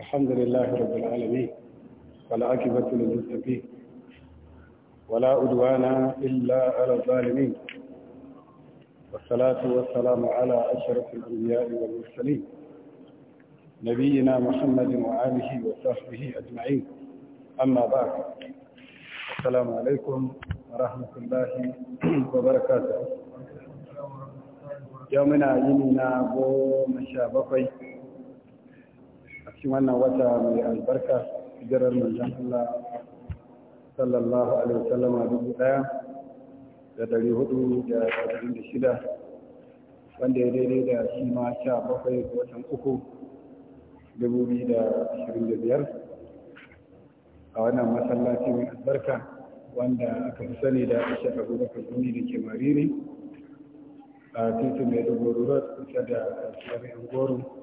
الحمد لله رب العالمين والعاقبة للمتقين ولا عدوان إلا على الظالمين والصلاة والسلام على أشرف الأنبياء والمرسلين نبينا محمد وآله وصحبه أجمعين أما بعد السلام عليكم ورحمة الله وبركاته يومنا يمنا بوم شابقي a cikin wannan wata mai albarka jirar manzan Allah sallallahu alaihi wasallama dubu daya da dari hudu da saba'in da shida wanda ya daidai da shi ma sha bakwai ga watan uku dubu biyu da ashirin da biyar a wannan masallaci mai albarka wanda aka fi sani da ashe abubakar gumi da ke mariri a titin mai dogoro road kusa da kasuwar yan goro